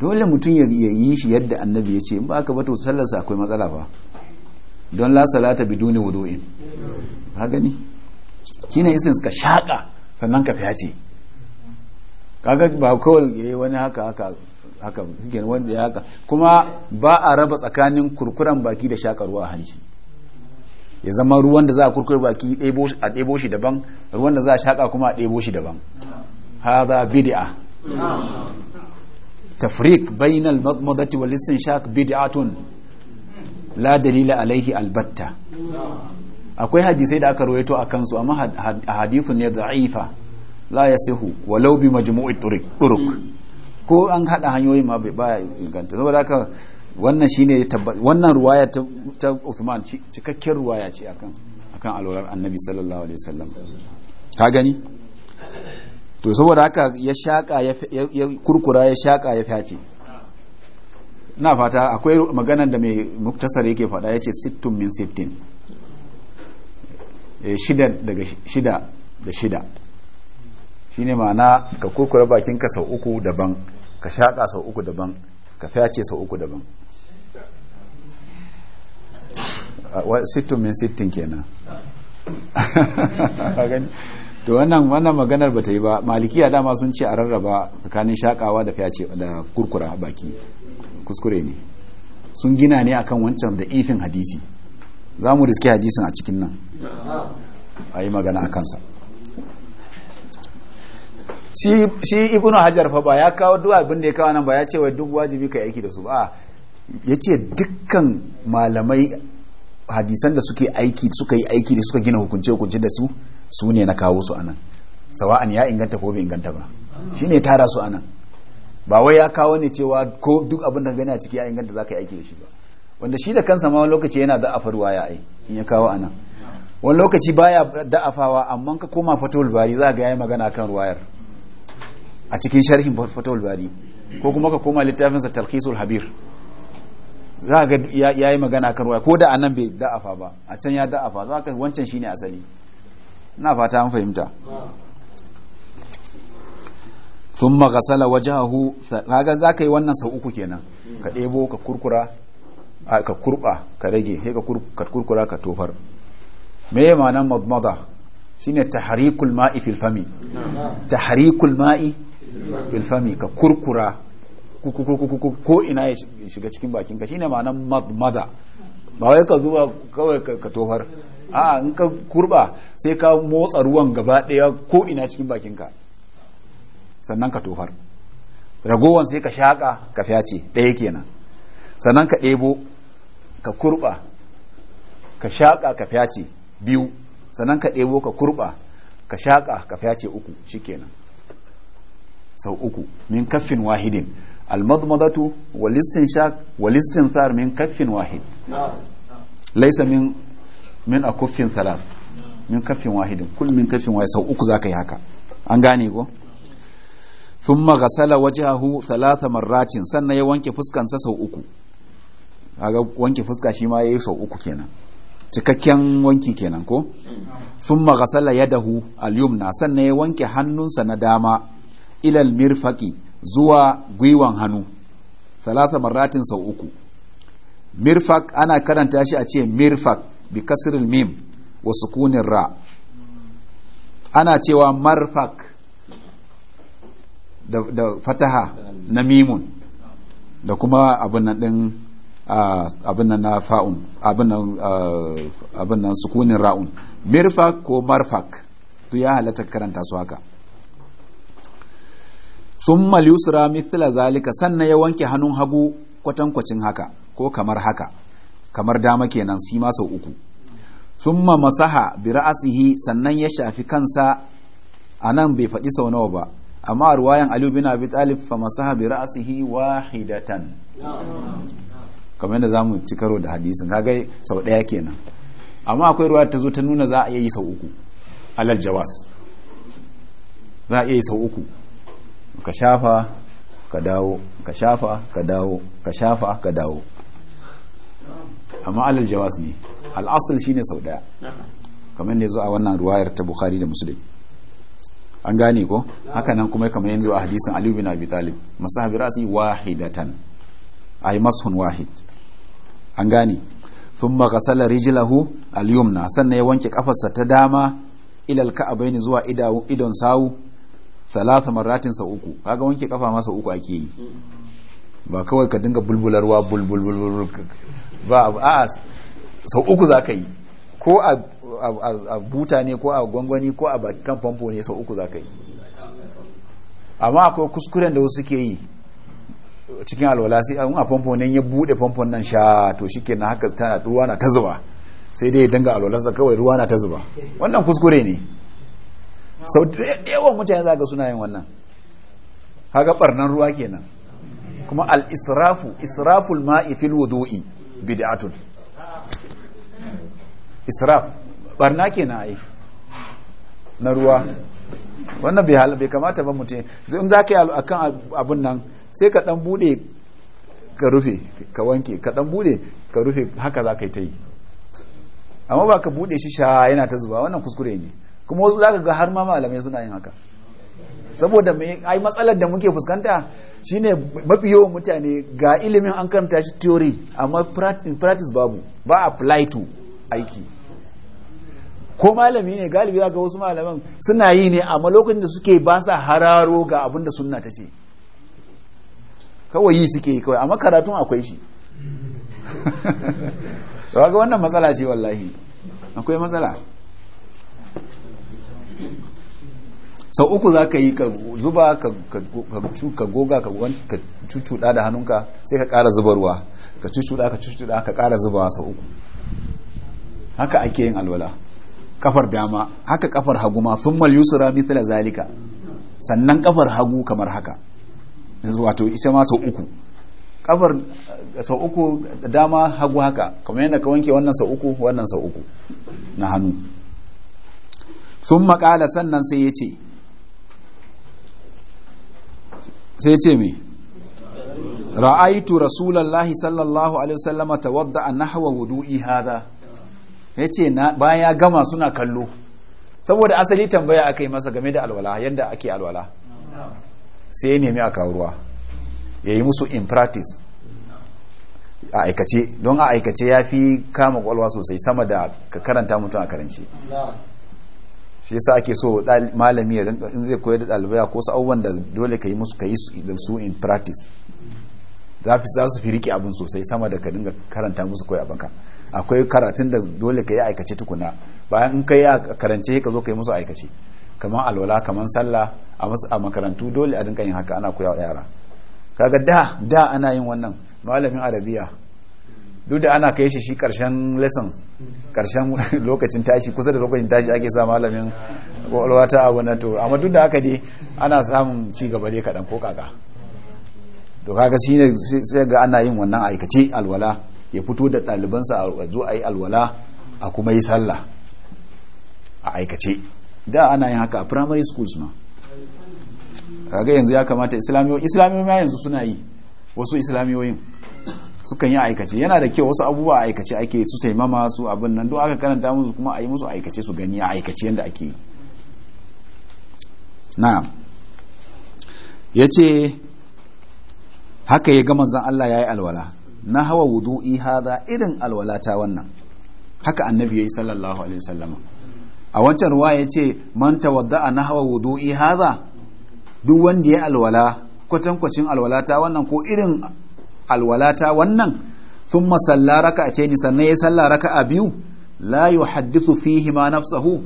dole mutum ya yi shi yadda annabi ya ce in ba ka ba to sa akwai matsala ba don la salata biduni wudu'in ka gani kina isin ka shaka sannan ka fiyace kaga ba kawai yayi wani haka haka haka wanda ya haka kuma ba a raba tsakanin kurkuran baki da shakarwa a hanci ya zama ruwan da za a kurkure baki a ɗebo shi daban ruwan da za a shaƙa kuma a ɗebo shi daban haza bid'a tafriq bainal madmadati wal istinshaq bid'atun la dalila alaihi albatta akwai hadisai da aka rawaito a kansu amma hadithun ne da'ifa la yasihu walau bi majmu'i turuq ko an haɗa hanyoyi ma ba ya saboda wannan shine wannan ruwaya ta Uthman cikakken ruwaya ce akan akan alwalar Annabi sallallahu alaihi wasallam ka gani to saboda haka ya shaka ya kurkura ya shaka ya fyace na fata akwai maganar da mai muktasar yake faɗa yace sittun min sittin eh, shida daga shida da shida shine ma'ana ka kurkura bakinka sau uku daban ka shaka sau uku daban ka fyace sau uku daban sittin min sittin kenan *laughs* to wannan wannan maganar bata yi ba maliki malikiya dama sun ce a rarraba tsakanin shakawa da fiyace da kurkura baki kuskure ne sun gina ne akan wancan da ifin hadisi za mu riske hadisin a cikin nan a yi magana a kansa shi ibnu hajar fa ba ya kawo duk abin da ya kawo nan ba ya ce wa duk wajibi ka aiki da su ba ya ce dukkan malamai hadisan da suke aiki suka yi aiki da suka gina hukunce hukunce da su su ne na kawo su anan sawa'an ya inganta ko bai inganta ba shine tara su anan ba wai ya kawo ne cewa ko duk abin da gani a ciki ya inganta zaka yi aiki da shi ba wanda shi da kansa ma wani lokaci yana da afarwa ya ai in ya kawo anan wani lokaci baya da'afawa amma ka koma fatawul bari za ga yayi magana kan ruwayar a cikin sharhin fatawul bari ko kuma ka koma littafin sa talkhisul habir za ga ya yi magana kan ko da anan bai da'afa ba a can ya da'afa za ka wancan shine asali na fata an fahimta thumma ghasala wajhahu ga za ka yi wannan sau uku kenan ka ɗebo ka kurkura ka kurba ka rage sai ka kurkura ka tofar me ma'anan madmada shine taharikul ma'i fil tahrikul ma'i filfami ka kurkura ko ina ya shiga cikin bakin ka shine ma'anar madmada ba wai ka zuba kawai ka tofar a in ka kurba sai ka motsa ruwan gaba daya ko ina cikin bakin ka sannan ka tofar ragowan sai ka shaƙa ka fyace daya kenan sannan ka ɗebo ka kurɓa ka shaƙa ka fyace biyu sannan ka ɗebo ka kurɓa ka shaƙa ka fyace uku shikenan sau uku min kaffin wahidin almadmadatu walistin shak walistin tsar min kaffin wahid laisa min min a kuffin salat min kaffin wahidin kul min kaffin wahid sau uku zaka yi haka an gane ko thumma ghasala wajhahu thalatha marratin sannan ya wanke fuskansa sau uku kaga wanke fuska shi ma yayi sau uku kenan cikakken wanki kenan ko thumma ghasala yadahu al-yumna sannan ya wanke hannunsa na dama ilal mirfaqi zuwa gwiwan hannu talata maratin sau uku mirfak ana karanta shi a ce mirfak bi kasirin mim wa sukunin ra ana cewa marfak da, fataha na mimun da kuma abin din abin na fa'un sukunin ra'un mirfak ko marfak to ya halatta karanta su haka summa yusra mithla zalika sannan ya wanke hannun hagu kwatankwacin haka ko kamar haka kamar dama kenan shi ma sau uku summa masaha bi ra'asihi sannan ya shafi kansa a nan bai faɗi sau nawa ba amma a ruwayan aliyu bin abi talib fa masaha bi ra'sihi wahidatan kamar yadda zamu ci karo da hadisin kaga sau ɗaya kenan amma akwai ruwa ta zo ta nuna za a yi sau uku alal jawas za a yi sau uku ka shafa ka dawo ka shafa ka dawo ka shafa ka dawo amma alal jawas ne al'asul shine sau daya kamar ne zo wannan ruwayar ta bukhari da muslim an gane ko haka nan kuma kamar yanzu a hadisin aliyu bin abi talib masahabi rasi wahidatan ay mashun wahid an gane thumma ghasala rijlahu al-yumna sannan ya wanke kafarsa ta dama ilal ka'abaini zuwa idon sawu ثلاث مرات sa uku kaga wanke kafa masa uku ake ba kawai ka dinga bulbularwa bulbul bulbul ba a sau uku za ko a buta ne ko a gwangwani ko a bakin famfo ne sau uku za amma akwai kuskuren da wasu ke yi cikin alwala sai a famfo ya bude famfon nan sha to shi na haka tana ruwa na ta zuba sai dai ya danga alwalarsa kawai ruwa na ta zuba wannan kuskure ne sau da yawan mutane za ka suna yin wannan haka barnan ruwa kenan kuma al-israfu israful ma'i fil wudu'i bid'atun israf barna kenan ai na ruwa wannan bai halin bai kamata ba mutum in za ka yi akan abun nan sai ka dan bude ka rufe ka wanke ka dan bude ka rufe haka za ka yi ta yi amma ba ka bude shi sha yana ta zuba wannan kuskure ne kuma wasu zaka ga har ma malamai suna yin haka saboda mai ai matsalar da muke fuskanta shine mafi yawan mutane ga ilimin an karanta shi theory amma in practice babu ba apply to aiki ko malami ne galibi ga wasu malaman suna yi ne amma lokacin da suke ba sa hararo ga abin da sunna ta ce kawai yi suke yi kawai amma karatun akwai shi *laughs* wannan matsala ce wallahi akwai matsala sau uku za ka yi ka zuba ka goga ka cucuɗa da hannunka sai ka ƙara zuba ruwa ka cucuɗa ka cucuɗa ka ƙara zuba sau uku haka ake yin alwala kafar dama haka kafar hagu ma sun mal yusura mithla zalika sannan kafar hagu kamar haka wato ita ma sau uku kafar sau uku dama hagu haka kamar yadda ka wanke wannan sau uku wannan sau uku na hannu sun maƙala sannan sai ya ce sai ya ce me ra'aitu Rasulallah sallallahu alaihi wasallama tawadda an nahwa wudu'i hada yace na ya gama suna kallo saboda asali tambaya aka yi masa game da alwala yadda ake alwala sai ya nemi a kawo ruwa ya yi musu in practice a aikace don a aikace ya fi kama kwalwa sosai sama da ka karanta mutum a karanci shi yasa ake so malami ya rinka in zai koyar da ɗalibai ko su abubuwan da dole ka yi musu ka yi su in practice za su fi rike abin sosai sama da ka dinga karanta musu koyi abin ka akwai karatun da dole ka yi aikace tukuna bayan in ka yi a karance ka zo ka yi musu aikace kamar alwala kamar sallah a makarantu dole a dinga yin haka ana koya wa yara kaga da da ana yin wannan malamin arabiya duk da ana kai shi shi karshen lesson karshen *laughs* lokacin tashi kusa da lokacin tashi ake sa malamin kwakwalwa ta abu na to amma duk da haka dai ana samun ci gaba dai kaɗan ko kaka to kaka shi ne sai ga ana yin wannan aikace alwala ya fito da ɗalibansa a zo a yi alwala a kuma yi sallah a aikace da ana yin haka a primary schools ma kaga yanzu ya kamata islamiyoyi islamiyoyi yanzu suna yi wasu islamiyoyin sukan yi aikace yana da kyau wasu abubuwa a aikace ake su taimama su abin nan duk aka karanta musu kuma a yi musu aikace su gani a aikace yadda ake yi na ya ce haka ya gama zan Allah ya yi alwala na hawa wudu'i haza irin alwala ta wannan haka annabi ya yi sallallahu alaihi wasallama a wancan ruwa ya ce man tawadda'a na hawa wudu'i haza duk wanda ya alwala kwatankwacin alwala ta wannan ko irin alwalata wannan thumma salla ni sannan ya salla raka'a biyu la haddisu, fihi ma nafsahu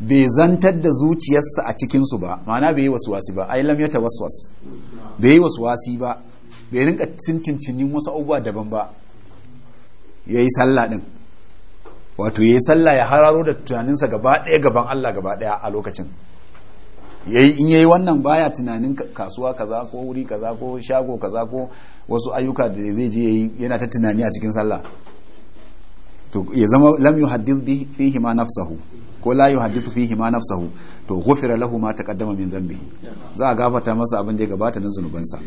bai zantar da zuciyarsa a cikinsu ba ma'ana bai yi waswasi ba ai lam tawaswas bai yi waswasi ba bai rinka tintintinin wasu abubuwa daban ba yayi salla din wato yayi salla ya hararo da tunaninsa gaba ɗaya gaban Allah gaba ɗaya a lokacin yayi in yayi wannan baya tunanin kasuwa kaza ko wuri kaza ko shago kaza ko wasu ayyuka da zai je yayi yana ta tunani a cikin sallah to ya zama lam yuhaddith fihi ma nafsahu ko la yuhaddith fihi ma nafsahu to ghufira lahu ma taqaddama min dhanbihi za a gafarta masa abin da ya gabata na zunubansa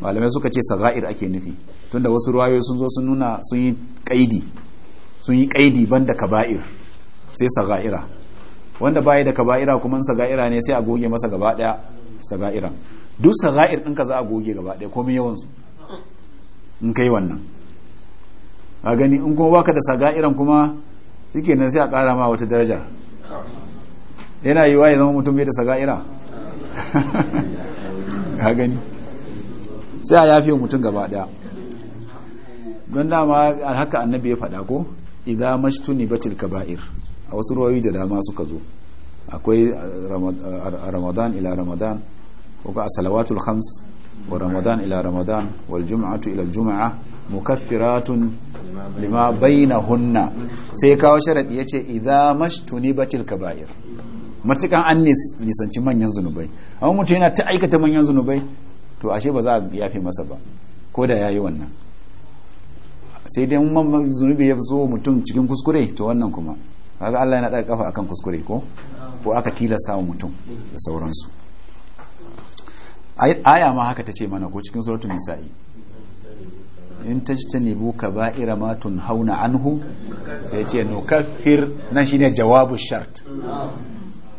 malamai suka ce sagair ake nufi tunda wasu ruwayoyi sun zo sun nuna sun yi kaidi sun yi kaidi banda kaba'ir sai sagaira wanda baya da kaba'ira kuma sagaira ne sai a goge masa gaba daya sagairan duk sagair ɗinka za a goge gaba daya komai yawan su in kai wannan a gani in kuma baka da saga irin kuma shike nan sai a kara ma wata daraja yana yiwa ya zama mutum bai da ira *laughs* a gani sai a yafe mutum gaba daya don dama haka annabi ya fada ko idan mashtuni batil ba'ir. a wasu ruwayoyi da dama suka zo akwai ramadan ila ramadan ko ka salawatul khams wa ramadan ramadan ila ورمضان إلى رمضان والجمعة إلى الجمعة مكفرات لما بينهن سيكا وشرط يتي إذا مشتنبت الكبائر matukan an nisanci manyan zunubai amma mutum yana ta aikata manyan zunubai to ashe ba za a yafe masa ba ko da ya yi wannan sai dai mun zunubi ya zo mutum cikin kuskure to wannan kuma kaga Allah yana daga kafa akan kuskure ko ko aka tilasta mutum da sauransu aya ma haka ta ce mana ko cikin suratul nisa'i in tajtanibu kaba'ira ma tunhauna anhu sai ce kafir nan shine jawabu shart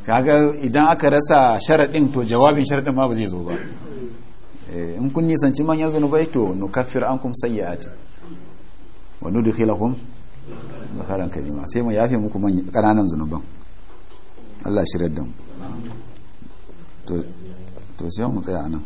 kaga idan aka rasa sharadin to jawabin sharadin ma ba zai zo ba eh, in kun nisanci manyan zunubai to kafir an ankum sayyi'ati wa nudkhilukum dakhalan karima sai mu yafe muku manyan kananan zunuban Allah shirar da mu to to sai mu tsaya